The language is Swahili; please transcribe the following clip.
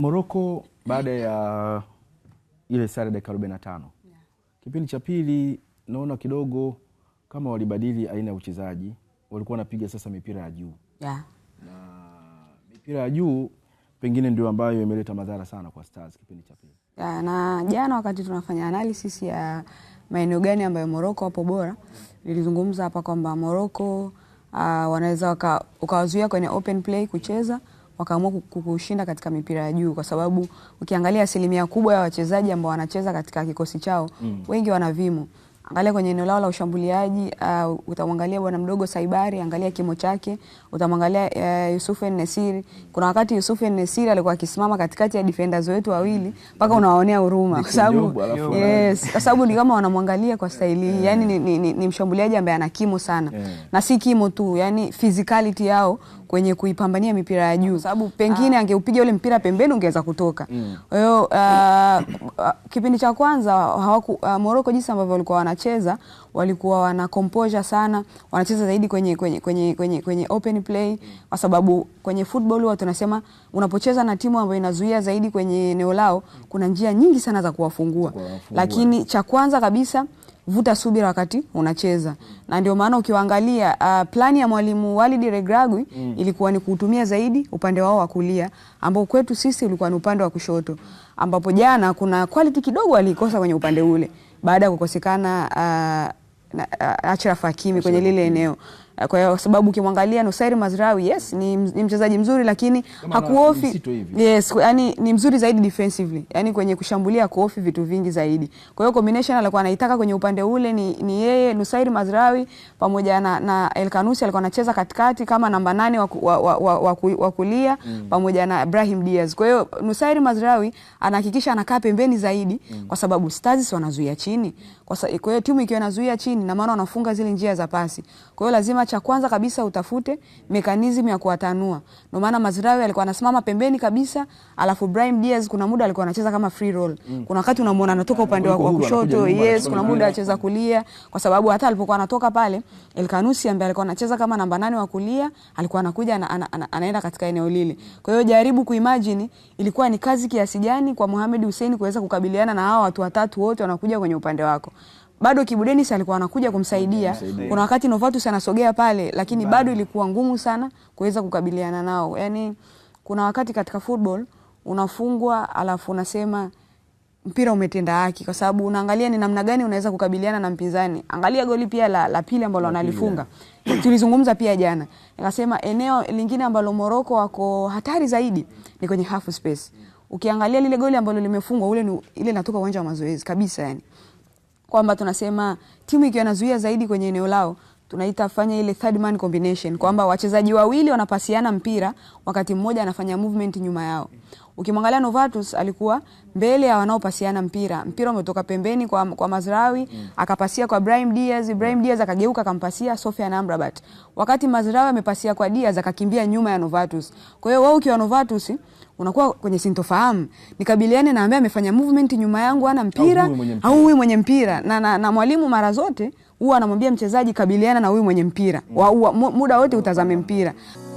Morocco baada ya ile sare dakika 45 kipindi cha pili naona kidogo kama walibadili aina ya uchezaji, walikuwa wanapiga sasa mipira ya juu yeah. na mipira ya juu pengine ndio ambayo imeleta madhara sana kwa Stars kipindi cha pili yeah. na jana wakati tunafanya analysis ya maeneo gani ambayo Morocco wapo bora, nilizungumza hapa kwamba Morocco uh, wanaweza ukawazuia kwenye open play kucheza wakaamua kukushinda katika mipira ya juu, kwa sababu ukiangalia asilimia kubwa ya wachezaji ambao wanacheza katika kikosi chao mm. wengi wana mm. Angalia kwenye eneo lao la ushambuliaji uh, utamwangalia bwana mdogo Saibari, angalia kimo chake, utamwangalia uh, Yusuf Nesiri. Kuna wakati Yusuf Nesiri alikuwa akisimama katikati ya defenders wetu wawili mpaka unawaonea huruma kwa sababu yes, kwa sababu ni kama wanamwangalia kwa staili hii Yani ni, ni, ni, ni mshambuliaji ambaye ana kimo sana yeah. Na si kimo tu, yani physicality yao kwenye kuipambania mipira ya juu, sababu pengine ah, angeupiga ule mpira pembeni ungeweza kutoka. Mm. Kwa hiyo mm. uh, kipindi cha kwanza hawaku uh, Morocco jinsi ambavyo walikuwa wana wanacheza walikuwa wana composure sana, wanacheza zaidi kwenye, kwenye, kwenye, kwenye, kwenye open play, kwa sababu kwenye football huwa tunasema unapocheza na timu ambayo inazuia zaidi kwenye eneo lao, kuna njia nyingi sana za kuwafungua, lakini cha kwanza kabisa vuta subira wakati unacheza na ndio maana ukiwaangalia uh, plani ya mwalimu Walid Regragui mm. ilikuwa ni kuutumia zaidi upande wao wa kulia ambao kwetu sisi ulikuwa ni upande wa kushoto ambapo jana kuna quality kidogo alikosa kwenye upande ule baada ya kukosekana uh, Achraf uh, Hakimi kwenye lile eneo. Eh, kwa sababu ukimwangalia Nusairi Mazraoui yes, ni, ni mchezaji mzuri lakini hakuofi yes, yani ni mzuri zaidi defensively, yani kwenye kushambulia kuofi vitu vingi zaidi. Kwa hiyo combination alikuwa anaitaka kwenye upande ule ni, ni yeye Nusairi Mazraoui pamoja na, na El Kanusi alikuwa anacheza katikati kama namba nane wa, wa, wa, wa, wa wa kulia mm. pamoja na Ibrahim Diaz. Kwa hiyo Nusairi Mazraoui anahakikisha anakaa pembeni zaidi mm. kwa sababu Stars wanazuia chini. Kwa hiyo timu ikiwa inazuia chini na maana wanafunga zile njia za pasi. Kwa hiyo lazima cha kwanza kabisa utafute mekanizmu ya kuwatanua. Ndio maana Mazraoui alikuwa anasimama pembeni kabisa, alafu Brahim Diaz kuna muda alikuwa anacheza kama free roll. Mm. Kuna wakati unamwona anatoka upande wa kushoto, yes, kuna muda anacheza kulia, kwa sababu hata alipokuwa anatoka pale Elkanusi ambaye alikuwa anacheza kama namba nane wa kulia, alikuwa anakuja ana, ana, ana, anaenda katika eneo lile. Kwa hiyo jaribu kuimagine ilikuwa ni kazi kiasi gani kwa Mohamed Hussein kuweza kukabiliana na hawa watu watatu wote wanakuja kwenye upande wako bado Kibu Dennis alikuwa anakuja kumsaidia. Kuna wakati Novatus anasogea pale, lakini Mbani. bado ilikuwa ngumu sana kuweza kukabiliana nao. Yani kuna wakati katika football unafungwa alafu unasema mpira umetenda haki, kwa sababu unaangalia ni namna gani unaweza kukabiliana na mpinzani. Angalia goli pia la, la pili ambalo wanalifunga tulizungumza pia jana, nikasema eneo lingine ambalo Moroko wako hatari zaidi ni kwenye half space. Ukiangalia lile goli ambalo limefungwa, ule ni ile natoka uwanja wa mazoezi kabisa yani kwamba tunasema timu ikiwa inazuia zaidi kwenye eneo lao tunaita fanya ile third man combination, kwamba wachezaji wawili wanapasiana mpira wakati mmoja anafanya movement nyuma yao. Ukimwangalia Novatus alikuwa mbele ya wanaopasiana mpira, mpira umetoka pembeni kwa, kwa Mazrawi mm. akapasia kwa Brahim Diaz, Brahim mm. Diaz akageuka akampasia Sofian Amrabat, wakati Mazrawi amepasia kwa Diaz akakimbia nyuma ya Novatus. Kwa hiyo wewe ukiwa Novatus unakuwa kwenye sintofahamu, nikabiliane na ambaye amefanya movement nyuma yangu, ana mpira au huyu mwenye mpira na, na, na mwalimu mara zote huwa anamwambia mchezaji kabiliana na huyu mwenye mpira mm. wa, wa, muda wote utazame mpira. mm.